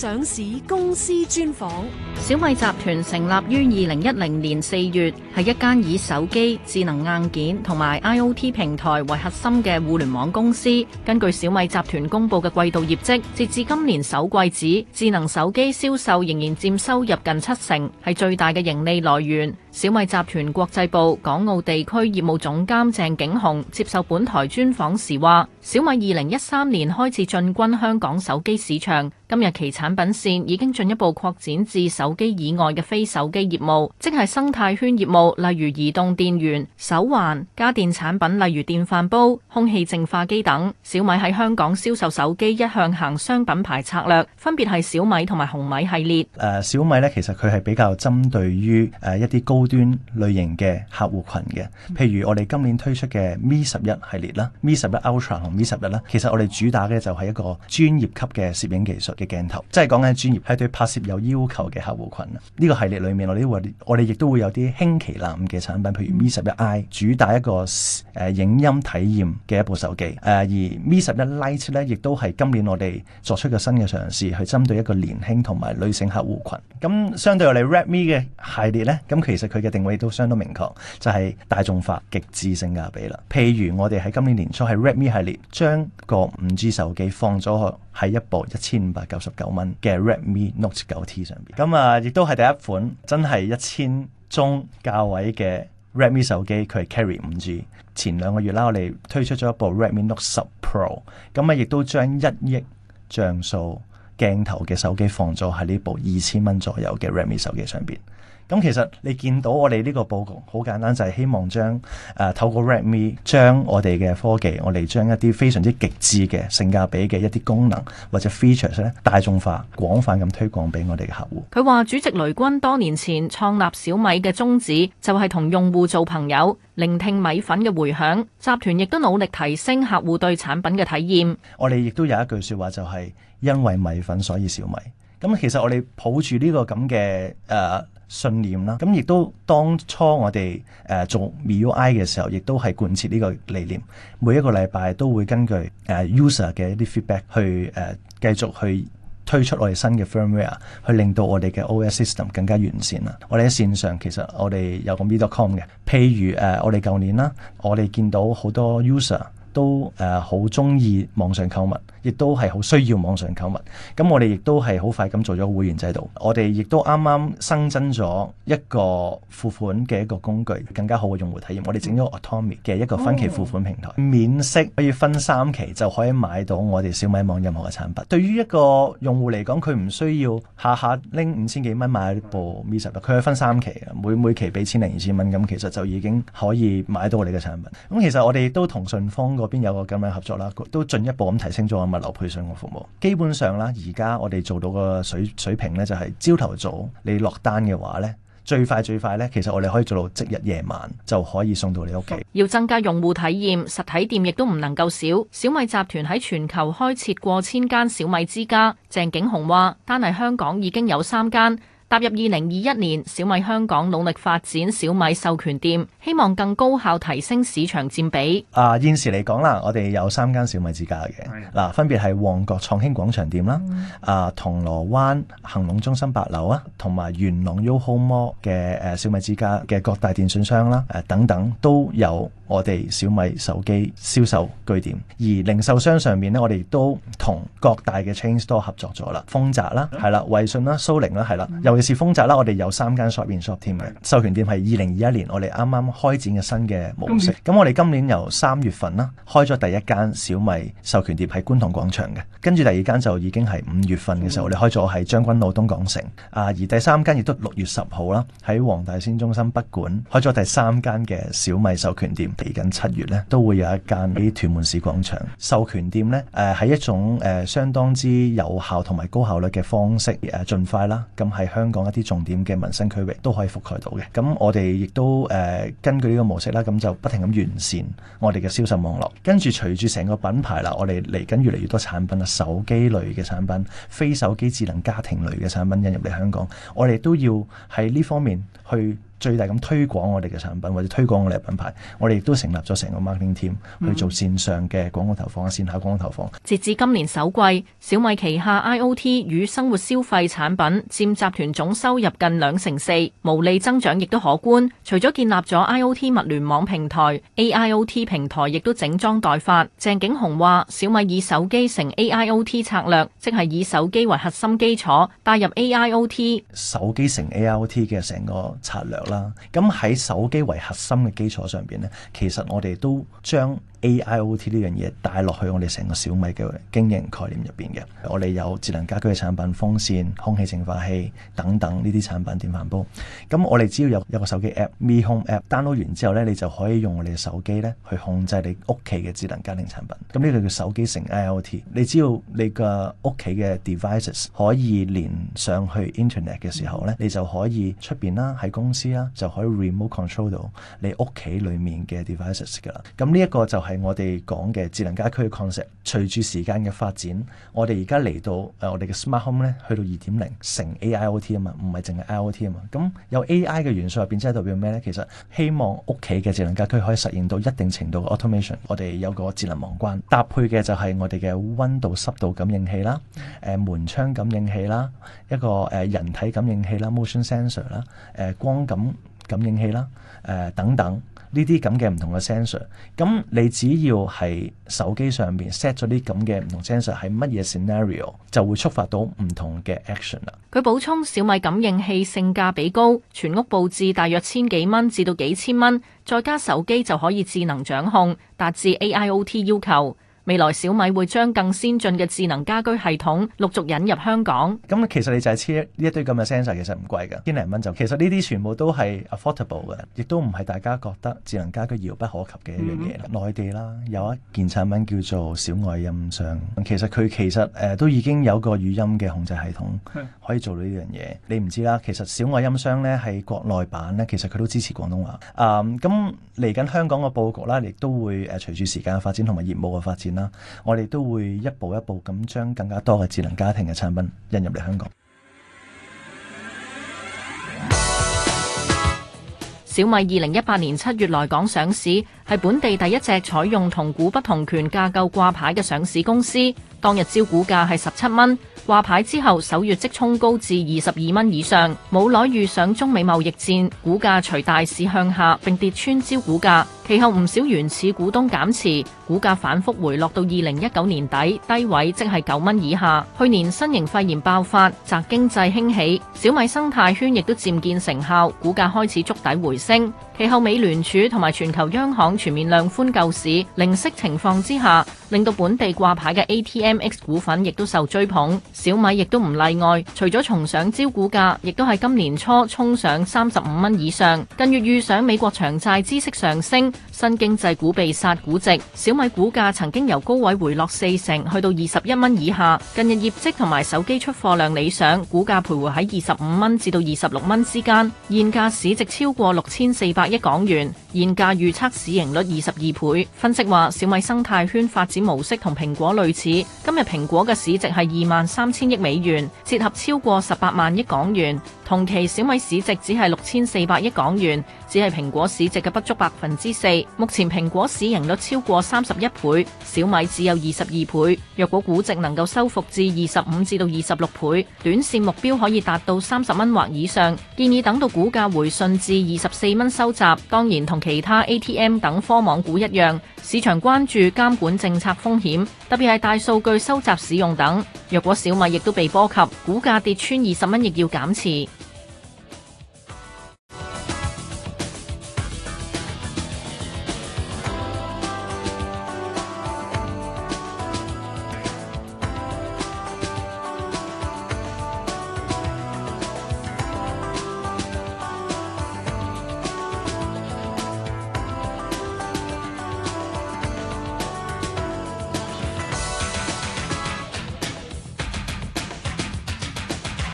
上市公司專訪。小米集團成立於二零一零年四月，係一間以手機、智能硬件同埋 IoT 平台為核心嘅互聯網公司。根據小米集團公布嘅季度業績，截至今年首季止，智能手機銷售仍然佔收入近七成，係最大嘅盈利來源。小米集團國際部港澳地區業務總監鄭景鴻接受本台專訪時話，小米二零一三年開始進軍香港手機市場，今日其產品線已經進一步擴展至手機以外嘅非手機業務，即係生態圈業務，例如移動電源、手環、家電產品，例如電飯煲、空氣淨化機等。小米喺香港銷售手機一向行雙品牌策略，分別係小米同埋紅米系列。誒，小米呢，其實佢係比較針對於誒一啲高。高端類型嘅客戶群嘅，譬如我哋今年推出嘅 Mi 十一系列啦，Mi 十一 Ultra 同 Mi 十一啦，其實我哋主打嘅就係一個專業級嘅攝影技術嘅鏡頭，即係講緊專業，係對拍攝有要求嘅客戶群。呢、這個系列裏面，我哋會，我哋亦都會有啲輕旗艦嘅產品，譬如 Mi 十一 i 主打一個誒、呃、影音體驗嘅一部手機，誒、呃、而 Mi 十一 Lite g h 咧，亦都係今年我哋作出嘅新嘅嘗試，去針對一個年輕同埋女性客戶群。咁相對嚟我哋 Redmi 嘅系列呢，咁其實。佢嘅定位都相當明確，就係、是、大眾化、極致性價比啦。譬如我哋喺今年年初，係 Redmi 系列將個五 G 手機放咗喺一部一千五百九十九蚊嘅 Redmi Note 九 T 上邊，咁、嗯、啊，亦都係第一款真係一千中價位嘅 Redmi 手機，佢係 carry 五 G。前兩個月啦，我哋推出咗一部 Redmi Note 十 Pro，咁、嗯、啊，亦都將一億像素鏡頭嘅手機放咗喺呢部二千蚊左右嘅 Redmi 手機上邊。咁其實你見到我哋呢個佈局好簡單，就係希望將誒、啊、透過 Redmi 將我哋嘅科技，我哋將一啲非常之極致嘅性價比嘅一啲功能或者 features 咧，大眾化、廣泛咁推廣俾我哋嘅客戶。佢話：主席雷軍多年前創立小米嘅宗旨，就係同用戶做朋友，聆聽米粉嘅回響。集團亦都努力提升客戶對產品嘅體驗。我哋亦都有一句説話，就係因為米粉，所以小米。咁、嗯、其實我哋抱住呢個咁嘅誒，呃信念啦，咁亦都當初我哋誒做 MIUI 嘅時候，亦都係貫徹呢個理念。每一個禮拜都會根據誒、uh, user 嘅一啲 feedback 去誒、uh, 繼續去推出我哋新嘅 firmware，去令到我哋嘅 OS system 更加完善啦。我哋喺線上，其實我哋有個 mi.com 嘅，譬如誒、uh, 我哋舊年啦，我哋見到好多 user 都誒好中意網上購物。亦都係好需要網上購物，咁我哋亦都係好快咁做咗會員制度。我哋亦都啱啱新增咗一個付款嘅一個工具，更加好嘅用戶體驗。我哋整咗個 Atomic 嘅一個分期付款平台，嗯、免息可以分三期就可以買到我哋小米網任何嘅產品。對於一個用戶嚟講，佢唔需要下下拎五千幾蚊買部 Mi11，佢係分三期每每期俾千零二千蚊，咁其實就已經可以買到我哋嘅產品。咁其實我哋都同順豐嗰邊有個咁樣合作啦，都進一步咁提升咗。物流配送嘅服務，基本上啦，而家我哋做到個水水平咧，就係朝頭早你落單嘅話咧，最快最快咧，其實我哋可以做到即日夜晚就可以送到你屋企。要增加用戶體驗，實體店亦都唔能夠少。小米集團喺全球開設過千間小米之家，鄭景鴻話，單係香港已經有三間。踏入二零二一年，小米香港努力發展小米授權店，希望更高效提升市場佔比。啊，現時嚟講啦，我哋有三間小米之家嘅，嗱的、啊、分別係旺角創興廣場店啦，嗯、啊銅鑼灣恒隆中心八樓啊，同埋元朗 YOHO Mall 嘅誒小米之家嘅各大電信商啦，誒、啊、等等都有我哋小米手機銷售據點。而零售商上面咧，我哋都同各大嘅 Chain Store 合作咗啦，豐澤啦，係啦，衛訊啦，蘇寧啦，係啦，又。是豐澤啦，我哋有三間 shop in shop 添嘅授權店，係二零二一年我哋啱啱開展嘅新嘅模式。咁、嗯、我哋今年由三月份啦，開咗第一間小米授權店喺觀塘廣場嘅，跟住第二間就已經係五月份嘅時候，我哋開咗喺將軍澳東港城。啊，而第三間亦都六月十號啦，喺黃大仙中心北館開咗第三間嘅小米授權店。嚟緊七月咧，都會有一間喺屯門市廣場授權店咧。誒、啊，係一種誒、啊、相當之有效同埋高效率嘅方式，誒、啊，盡快啦。咁係向香港一啲重點嘅民生區域都可以覆蓋到嘅，咁我哋亦都誒、呃、根據呢個模式啦，咁就不停咁完善我哋嘅銷售網絡。跟住隨住成個品牌啦，我哋嚟緊越嚟越多產品啊，手機類嘅產品、非手機智能家庭類嘅產品引入嚟香港，我哋都要喺呢方面去。最大咁推廣我哋嘅產品或者推廣我哋嘅品牌，我哋亦都成立咗成個 marketing team 去做線上嘅廣告投放啊，線下廣告投放。截至今年首季，小米旗下 IOT 與生活消費產品佔集團總收入近兩成四，毛利增長亦都可觀。除咗建立咗 IOT 物聯網平台，AIOT 平台亦都整裝待發。鄭景鴻話：小米以手機成 AIOT 策略，即係以手機為核心基礎帶入 AIOT。手機成 AIOT 嘅成個策略啦，咁喺手機為核心嘅基礎上邊呢，其實我哋都將 AIoT 呢樣嘢帶落去我哋成個小米嘅經營概念入邊嘅。我哋有智能家居嘅產品，風扇、空氣淨化器等等呢啲產品，電飯煲。咁我哋只要有有個手機 App，Mi Home App，download 完之後呢，你就可以用我哋嘅手機呢去控制你屋企嘅智能家庭產品。咁呢個叫手機成 IoT，你只要你嘅屋企嘅 devices 可以連上去 Internet 嘅時候呢，你就可以出邊啦，喺公司啦。就可以 remote control 到你屋企裏面嘅 devices 噶啦。咁呢一個就係我哋講嘅智能家居嘅 concept。隨住時間嘅發展，我哋而家嚟到誒、呃、我哋嘅 smart home 咧，去到二點零成 AIoT 啊嘛，唔係淨係 IoT 啊嘛。咁有 AI 嘅元素入邊，即係代表咩咧？其實希望屋企嘅智能家居可以實現到一定程度嘅 automation。我哋有個智能網關，搭配嘅就係我哋嘅溫度濕度感應器啦，誒、呃、門窗感應器啦，一個誒人體感應器啦 （motion sensor） 啦，誒、呃、光感感應器啦，誒等等呢啲咁嘅唔同嘅 sensor，咁你只要喺手機上面 set 咗啲咁嘅唔同 sensor，喺乜嘢 scenario 就會觸發到唔同嘅 action 啦。佢補充，小米感應器性價比高，全屋佈置大約千幾蚊至到幾千蚊，再加手機就可以智能掌控，達至 AIoT 要求。未來小米會將更先進嘅智能家居系統陸續引入香港。咁其實你就係黐呢一堆咁嘅 sensor 其實唔貴㗎，千零蚊就。其實呢啲全部都係 affordable 嘅，亦都唔係大家覺得智能家居遙不可及嘅一樣嘢。內地啦，有一件產品叫做小愛音箱，其實佢其實誒都已經有個語音嘅控制系統，可以做到呢樣嘢。你唔知啦，其實小愛音箱咧喺國內版咧，其實佢都支持廣東話。啊、嗯，咁嚟緊香港嘅佈局啦，亦都會誒隨住時間嘅發展同埋業務嘅發展。啦，我哋都會一步一步咁將更加多嘅智能家庭嘅產品引入嚟香港。小米二零一八年七月來港上市，係本地第一隻採用同股不同權架構掛牌嘅上市公司。當日招股價係十七蚊，掛牌之後首月即衝高至二十二蚊以上。冇耐遇上中美貿易戰，股價隨大市向下，並跌穿招股價。其後唔少原始股東減持，股價反覆回落到二零一九年底低位，即係九蚊以下。去年新型肺炎爆發，宅經濟興起，小米生態圈亦都漸見成效，股價開始築底回升。其後美聯儲同埋全球央行全面量寬救市，零息情況之下。令到本地掛牌嘅 ATMX 股份亦都受追捧，小米亦都唔例外。除咗重上招股價，亦都喺今年初衝上三十五蚊以上。近月遇上美國長債孳息上升，新經濟股被殺估值，小米股價曾經由高位回落四成，去到二十一蚊以下。近日業績同埋手機出貨量理想，股價徘徊喺二十五蚊至到二十六蚊之間，現價市值超過六千四百億港元。現價預測市盈率二十二倍，分析話小米生態圈發展模式同蘋果類似。今日蘋果嘅市值係二萬三千億美元，折合超過十八萬億港元，同期小米市值只係六千四百億港元。只係蘋果市值嘅不足百分之四，目前蘋果市盈率超過三十一倍，小米只有二十二倍。若果估值能夠收復至二十五至到二十六倍，短線目標可以達到三十蚊或以上。建議等到股價回順至二十四蚊收集。當然同其他 ATM 等科網股一樣，市場關注監管政策風險，特別係大數據收集使用等。若果小米亦都被波及，股價跌穿二十蚊，亦要減持。